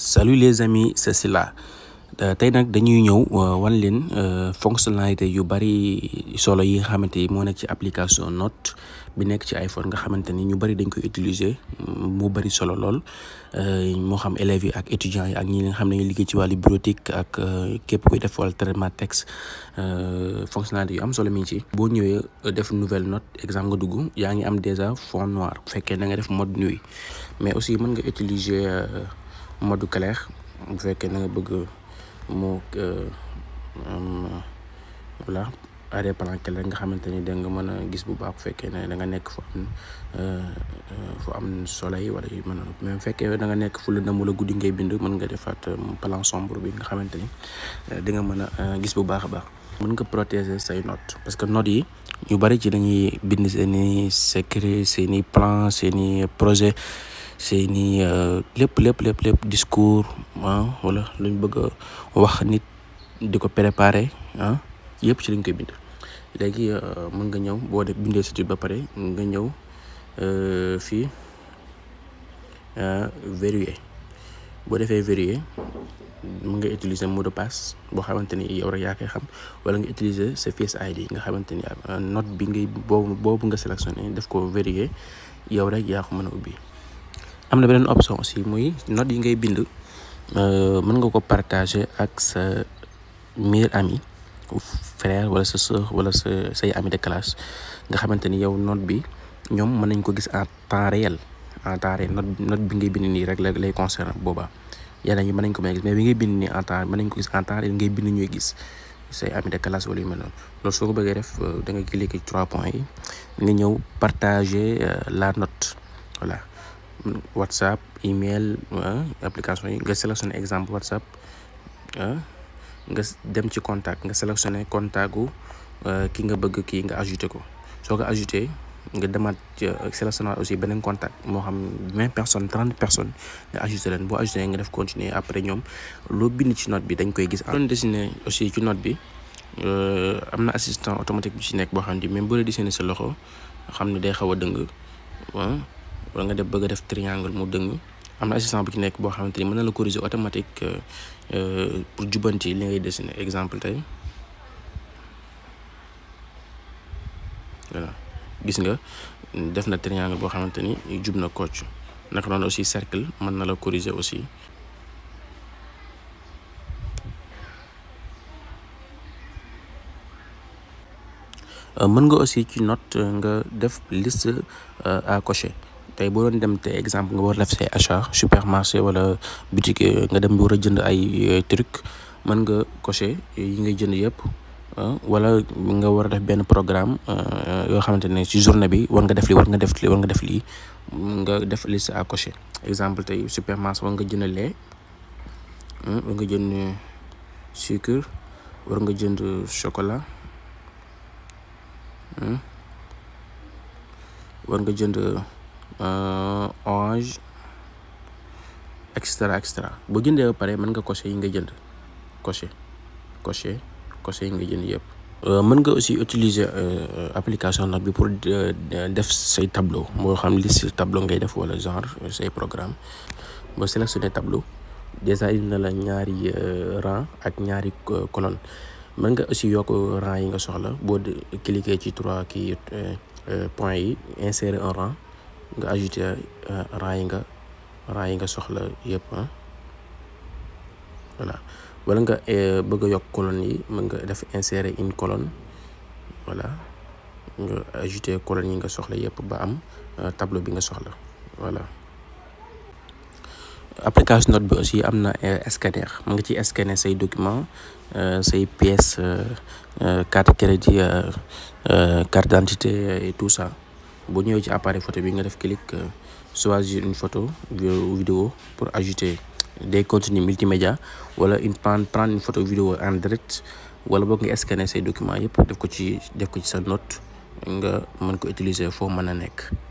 salut les amis c'est euh, tey nag dañuy ñëw euh, wan leen euh, fonctionnalité yu bari solo yi nga xamante ni moo nekk ci application note bi nekk ci iPhone nga xamante ni ñu bari dañ koy utiliser mm, mu bari solo lool moo xam élèves yi ak étudiants yi ak ñi nga xam ne ñu liggéey ci wàllu bureautique ak képp kuy def wàllu traitement texte fonctionnalité yu am solo mi ngi ci. boo ñëwee def nouvelle note exemple nga dugg yaa ngi am déjà fond noir bu fekkee da nga def mode nuit mais aussi mën nga utiliser. mode clair bu fekkee na nga bëgg mu euh, voilà arrière-plan clair nga xamante ni da nga mën a gis bu baax bu fekkee ne da nga nekk fu am euh, fu am soleil wala yu mën a mais bu fekkee da nekk fu la dem wala guddi ngay bind mën nga defaat euh, plan sombre bi nga xamante ni di nga mën a gis bu baax a baax. mën nga protéger say not parce que not yi ñu bari ci dañuy bind seeni secret seeni plan seeni projet seeni euh, lépp lépp lépp lépp discours ah wala luñ bëgg a wax nit di ko préparer ah yëpp ci lañ koy bind léegi euh, mën nga ñëw boo def bindee si ba pare nga ñëw euh, fii verrouiller boo defee verrouiller mun nga utiliser mot de boo xamante ni yow rek yaa koy xam wala nga utiliser sa Face ID nga xamante ni not bi ngay boobu boobu nga sélectionné def ko verrouiller yow rek yaa ko mën a ubbi. am na beneen option aussi muy notes yi ngay bind euh, mën nga ko partager ak sa meilleur ami frère wala sa sœur wala sa say ami de classe nga xamante ni yow note bi ñoom mën nañ ko gis en temps réel en temps réel note bi ngay bind nii rek la lay concerne booba yeneen yi mën nañ ko may mais bi ngay bind nii en temps mën nañ ko gis en temps réel ngay bind ñuy gis say ami de classe wala yu mel noonu soo ko bëggee def euh, da nga cliquer trois points yi nga ñëw partager euh, laa note voilà whatsapp email ah, application yi nga sélectionné exemple whatsapp ah, nga dem ci contact nga sélectionné contact gu ah, ki nga bëgg kii nga ajouté ko soo ko ajouté nga demaat sélectionné aussi beneen contact moo xam vingt personnes trente personnes nga leen boo ajouté nga def continuer après ñoom loo bind ci note bi dañ koy gis doon dessiné aussi ci note bi am na assistant automatique bi ci nekk boo xam ne même boo dessiné sa loxo xam ne day xaw a dëng wala nga def bëgg a def triangle mu dëng am na assistant bu ci nekk boo xamante ni mën na la corriger automatique euh, euh, pour jubbanti li ngay dessiner exemple tey voilà nga def na triangle boo xamante ni jub na kocc naka noonu aussi cercle mën na la corriger aussi euh, nga aussi ci not nga def liste à cocher tey boo doon dem te exemple nga war def say achat supermarché wala boutique nga dem bi war a jënd ay euh, truc mën nga cocher yi ngay jënd yëpp wala nga war a def benn programme euh, yoo xamante ne ci journée bi war nga def li war nga def li war nga def lii nga def liste à cocher exemple tey supermarché war nga jënd lait war nga jënd sucre war nga jënd chocolat war nga jënd Euh, orange extra extra boo jëndee ba pare mën nga coché yi nga jënd coché coché coché yi nga jënd yëpp. Euh, mën nga aussi utiliser euh, application nag bi pour def say tableau moo xam liste tableau ngay def wala genre say programme boo sélectionné tableau déjà indi na la ñaari ran ak ñaari colonne mën nga aussi yokk rang yi nga soxla boo cliquer ci trois kii point yi insérer un rang. nga ajouté euh, rang yi nga rang yi nga soxla yëpp ah voilà nga euh, bëgg yokk colonne yi mën nga def insérer une colonne voilà nga ajouté colonne yi nga soxla yëpp ba am euh, tableau bi nga soxla voilà application note bi aussi am na scanner mu nga ci scanner say document say pièces carte crédit carte d'identité et tout ça boo ñëwee ci appareil photo bi nga def clic euh, choisir une photo vidéo pour ajouter des contenus multimédia wala une prendre une photo vidéo en direct wala boog nga scanner say documents yëpp def ko ci def ko ci sa note nga mën ko utiliser foo mën a nekk